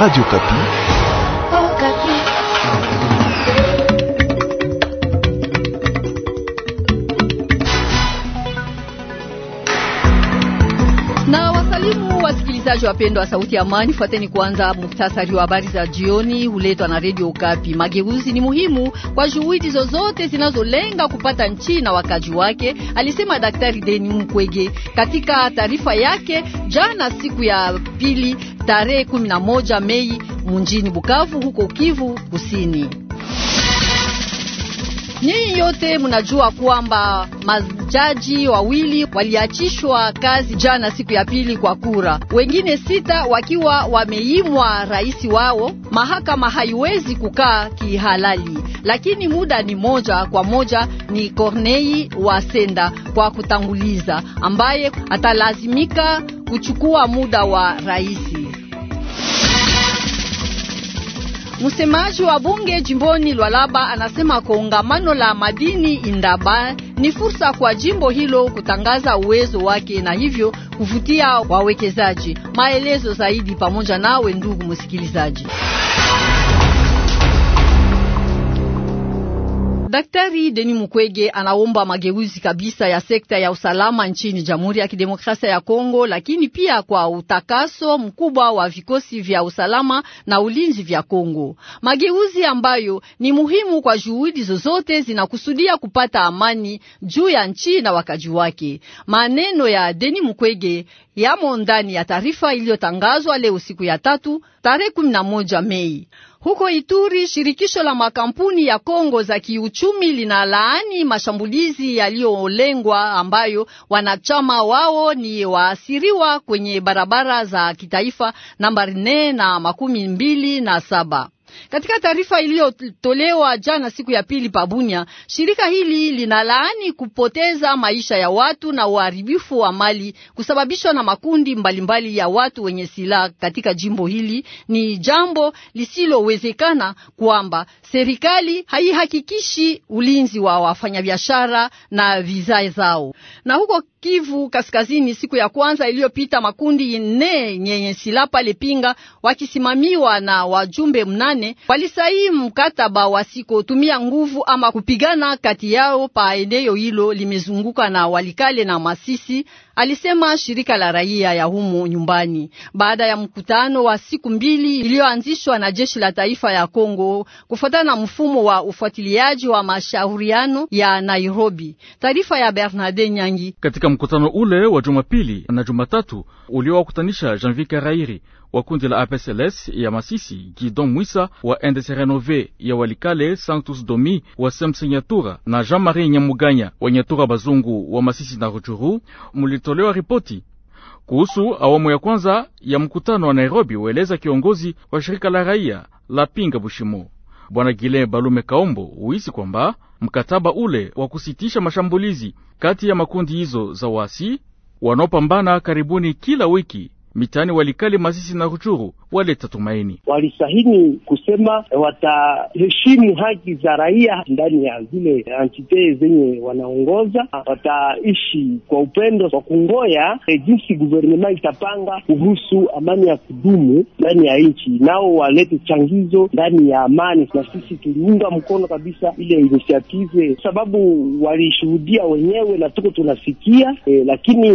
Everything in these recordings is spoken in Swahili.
Radio Kapi. Wasikilizaji wapendwa wa Sauti ya Amani, fuateni kwanza muktasari wa habari za jioni, huletwa na Redio Kapi. Mageuzi ni muhimu kwa juhudi zozote zinazolenga kupata nchi na wakaji wake, alisema Daktari Deni Mukwege katika taarifa yake jana, siku ya pili tarehe 11 Mei mjini Bukavu, huko Kivu Kusini. Nyinyi yote mnajua kwamba majaji wawili waliachishwa kazi jana siku ya pili kwa kura, wengine sita wakiwa wameimwa rais wao. Mahakama haiwezi kukaa kihalali, lakini muda ni moja kwa moja. Ni wa senda kwa kutanguliza, ambaye atalazimika kuchukua muda wa rais. Msemaji wa bunge jimboni Lwalaba anasema kongamano la madini Indaba ni fursa kwa jimbo hilo kutangaza uwezo wake na hivyo kuvutia wawekezaji. Maelezo zaidi pamoja nawe ndugu msikilizaji. Daktari Deni Mukwege anaomba mageuzi kabisa ya sekta ya usalama nchini Jamhuri ya Kidemokrasia ya Kongo, lakini pia kwa utakaso mkubwa wa vikosi vya usalama na ulinzi vya Kongo, mageuzi ambayo ni muhimu kwa juhudi zozote zinakusudia kupata amani juu ya nchi na wakaji wake. Maneno ya Deni Mukwege yamo ndani ya taarifa iliyotangazwa leo siku ya tatu tarehe 11 Mei. Huko Ituri, shirikisho la makampuni ya Kongo za kiuchumi linalaani mashambulizi yaliyolengwa ambayo wanachama wao ni waasiriwa kwenye barabara za kitaifa nambari 4 na makumi mbili na saba. Katika taarifa iliyotolewa jana siku ya pili pabunya, shirika hili linalaani kupoteza maisha ya watu na uharibifu wa mali kusababishwa na makundi mbalimbali mbali ya watu wenye silaha katika jimbo hili. Ni jambo lisilowezekana kwamba serikali haihakikishi ulinzi wa wafanyabiashara na vizaa zao. Na huko Kivu Kaskazini, siku ya kwanza iliyopita, makundi nne yenye silaha pale Pinga wakisimamiwa na wajumbe mnane nane walisaini mkataba wa siko tumia nguvu ama kupigana kati yao pa eneo hilo limezunguka na Walikale na Masisi, alisema shirika la raia ya humo nyumbani, baada ya mkutano wa siku mbili iliyoanzishwa na jeshi la taifa ya Kongo kufuatana na mfumo wa ufuatiliaji wa mashauriano ya Nairobi. Taarifa ya bernarde Nyangi. Katika mkutano ule wa Jumapili na Jumatatu uliowakutanisha Janvier Karairi wa kundi la APSLS ya Masisi, Gidon Mwisa wa Endese ya Walikale, Santos Domi wa Samson Nyatura na Jean-Marie Nyamuganya wa Nyatura Bazungu wa Masisi na Ruchuru, mulitolewa ripoti kuhusu awamu ya kwanza ya mkutano wa Nairobi, waeleza kiongozi wa shirika la raia la Pinga Bushimo Bwana Gile Balume Kaombo huisi kwamba mkataba ule wa kusitisha mashambulizi kati ya makundi hizo za wasi wanaopambana karibuni kila wiki mitaani Walikale, Masisi na Ruchuru waleta tumaini. Walisahini kusema wataheshimu haki za raia ndani ya zile antite zenye wanaongoza, wataishi kwa upendo kwa kungoya e, eh, jinsi guvernema itapanga kuhusu amani ya kudumu ndani ya nchi, nao walete changizo ndani ya amani. Na sisi tuliunga mkono kabisa ile inisiative, sababu walishuhudia wenyewe na tuko tunasikia e, lakini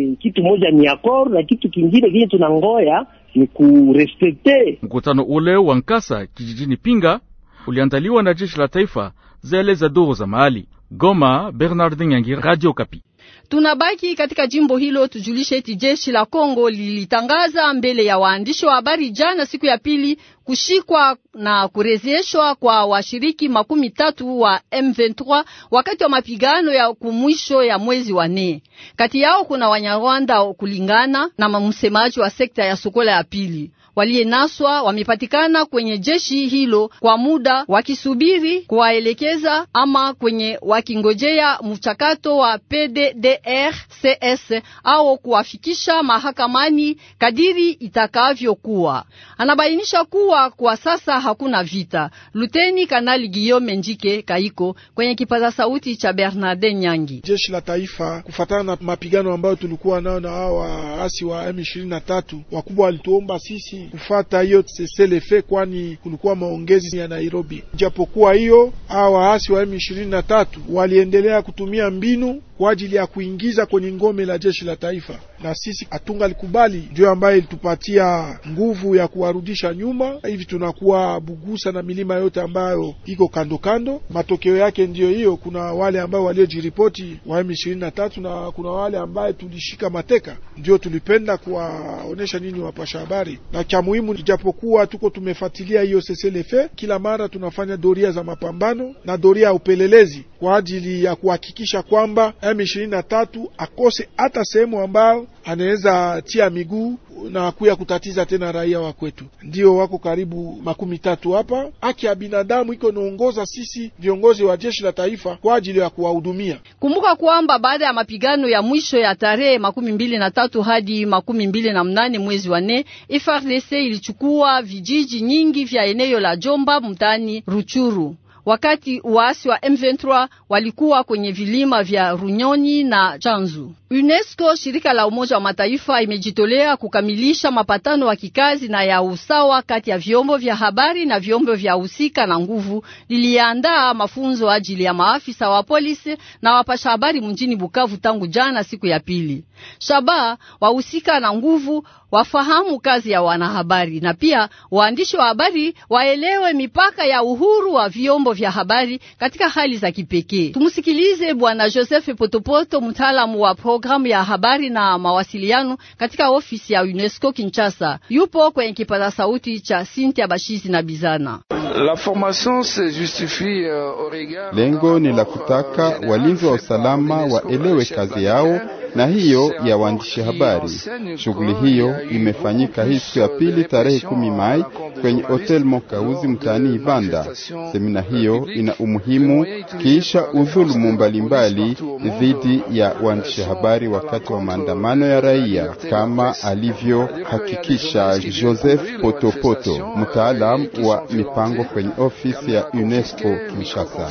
e, kitu moja ni akor na kitu kingi kingine kile tunangoya ni kurespekte. Mkutano ule wa Nkasa kijijini Pinga uliandaliwa na jeshi la taifa, zele za duru za mahali. Goma, Bernard Nyangi, Radio Kapi. Tunabaki katika jimbo hilo, tujulishe eti jeshi la Kongo lilitangaza mbele ya waandishi wa habari jana siku ya pili kushikwa na kurejeshwa kwa washiriki makumi tatu wa M23 wakati wa mapigano ya kumwisho ya mwezi wa nne. Kati yao kuna Wanyarwanda kulingana na msemaji wa sekta ya Sokola ya pili. Waliyenaswa wamepatikana kwenye jeshi hilo kwa muda wakisubiri kuwaelekeza ama kwenye wakingojea mchakato wa PDDRCS au kuwafikisha mahakamani kadiri itakavyokuwa. Anabainisha kuwa kuwa kwa sasa hakuna vita. Luteni Kanali Guillaume Njike Kaiko kwenye kipaza sauti cha Bernarde Nyangi. Jeshi la taifa kufatana na mapigano ambayo tulikuwa nayo na hao waasi wa M23, wakubwa walituomba sisi kufata hiyo seselefe, kwani kulikuwa maongezi ya Nairobi. Japokuwa hiyo hao waasi wa M23 waliendelea kutumia mbinu kwa ajili ya kuingiza kwenye ngome la jeshi la taifa, na sisi atunga likubali ndio ambaye ilitupatia nguvu ya kuwarudisha nyuma. Hivi tunakuwa Bugusa na milima yote ambayo iko kando kando. Matokeo yake ndiyo hiyo, kuna wale ambao waliojiripoti wa M23 na kuna wale ambaye tulishika mateka. Ndio tulipenda kuwaonesha nyinyi wapasha habari, na cha muhimu, ijapokuwa tuko tumefuatilia hiyo seselefe, kila mara tunafanya doria za mapambano na doria ya upelelezi kwa ajili ya kuhakikisha kwamba M23 akose hata sehemu ambao anaweza tia miguu na kuya kutatiza tena raia wa kwetu. Ndio wako karibu makumi tatu hapa. Haki ya binadamu iko naongoza sisi viongozi wa jeshi la taifa kwa ajili ya kuwahudumia. Kumbuka kwamba baada ya mapigano ya mwisho ya tarehe makumi mbili na tatu hadi makumi mbili na mnane mwezi wa nne, FARDC ilichukua vijiji nyingi vya eneo la Jomba mtaani Ruchuru wakati waasi wa M23 walikuwa kwenye vilima vya Runyoni na Chanzu. UNESCO, shirika la Umoja wa Mataifa, imejitolea kukamilisha mapatano wa kikazi na ya usawa kati ya vyombo vya habari na vyombo vya husika na nguvu, liliandaa mafunzo ajili ya maafisa wa polisi na wapasha habari mjini Bukavu tangu jana siku ya pili. Shaba wahusika na nguvu wafahamu kazi ya wanahabari na pia waandishi wa habari waelewe mipaka ya uhuru wa vyombo vya habari katika hali za kipekee. Tumsikilize Bwana Joseph Potopoto, mtaalamu wa programu ya habari na mawasiliano katika ofisi ya UNESCO Kinshasa. Yupo kwenye kipaza sauti cha Cynthia Bashizi na Bizana. La formation se justifie euh, au regard. Lengo ni la kutaka euh, walinzi wa usalama waelewe kazi yao na hiyo ya waandishi habari. Shughuli hiyo imefanyika hii siku ya pili tarehe kumi Mai kwenye Hotel Mokauzi mtaani Ibanda. Semina hiyo ina umuhimu kisha udhulumu mbalimbali dhidi ya waandishi habari wakati wa maandamano ya raia, kama alivyohakikisha Joseph Potopoto, mtaalamu wa mipango kwenye ofisi ya UNESCO Kinshasa.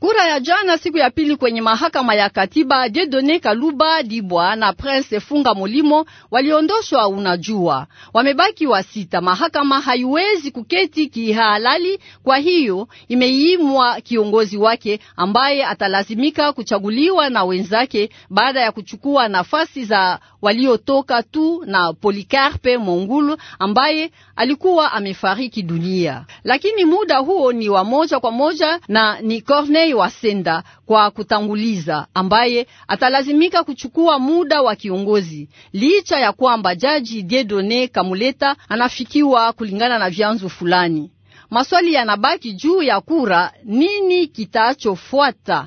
Kura ya jana siku ya pili kwenye mahakama ya katiba, dedone Kaluba Dibwa na Prince Funga Molimo waliondoshwa. Unajua, wamebaki wa sita. Mahakama haiwezi kuketi kihalali, kwa hiyo imeimwa kiongozi wake ambaye atalazimika kuchaguliwa na wenzake baada ya kuchukua nafasi za waliotoka tu na Polikarpe Mongulu ambaye alikuwa amefariki dunia, lakini muda huo ni wa moja kwa moja na ni Corneille Mzei wa Senda kwa kutanguliza, ambaye atalazimika kuchukua muda wa kiongozi, licha ya kwamba jaji Diedone Kamuleta anafikiwa kulingana na vyanzo fulani. Maswali yanabaki juu ya kura, nini kitachofuata?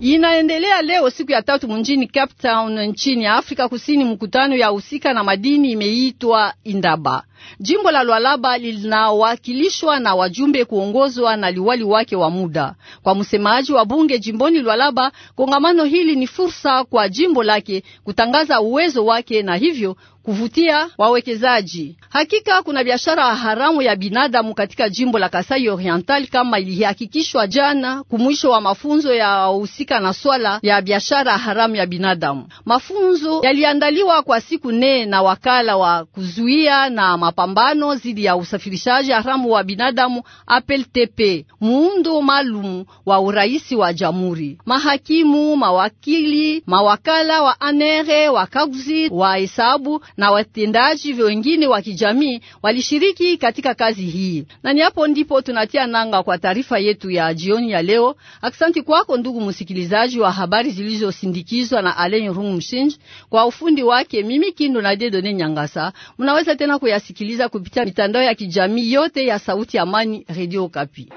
Inaendelea leo siku ya tatu mjini Cape Town nchini Afrika Kusini, mkutano ya husika na madini imeitwa Indaba. Jimbo la Lwalaba linawakilishwa na wajumbe kuongozwa na liwali wake wa muda. Kwa msemaji wa bunge jimboni Lwalaba, kongamano hili ni fursa kwa jimbo lake kutangaza uwezo wake na hivyo kuvutia wawekezaji. Hakika kuna biashara haramu ya binadamu katika jimbo la Kasai Oriental kama ilihakikishwa jana kumwisho wa mafunzo ya wahusika na swala ya biashara haramu ya binadamu. Mafunzo yaliandaliwa kwa siku nne na wakala wa kuzuia na mapambano dhidi ya usafirishaji haramu wa binadamu APLTP, muundo maalum wa uraisi wa jamhuri. Mahakimu, mawakili, mawakala wa anere, wakaguzi wa hesabu na watendaji wengine wa kijamii walishiriki katika kazi hii, na ni hapo ndipo tunatia nanga kwa taarifa yetu ya jioni ya leo. Aksanti kwako ndugu msikilizaji wa habari zilizosindikizwa na Alen Rungu Mshinji kwa ufundi wake. Mimi Kindu na Dedone Nyangasa, mnaweza tena kuyasikiliza kutusikiliza kupitia mitandao ya kijamii yote ya Sauti Amani, Radio Kapi.